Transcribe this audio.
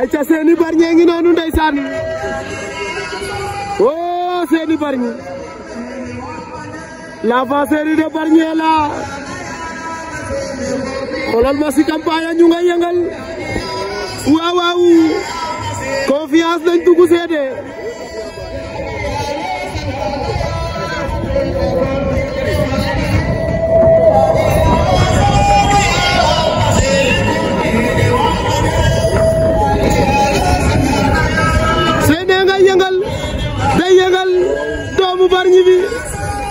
ay ca seeni bari ñee ngi oo oh, seeni bari ñi l'avant série ma si campagne ñu nga yëngal waaw waaw confiance dañ dugg seede doomu Bargny bi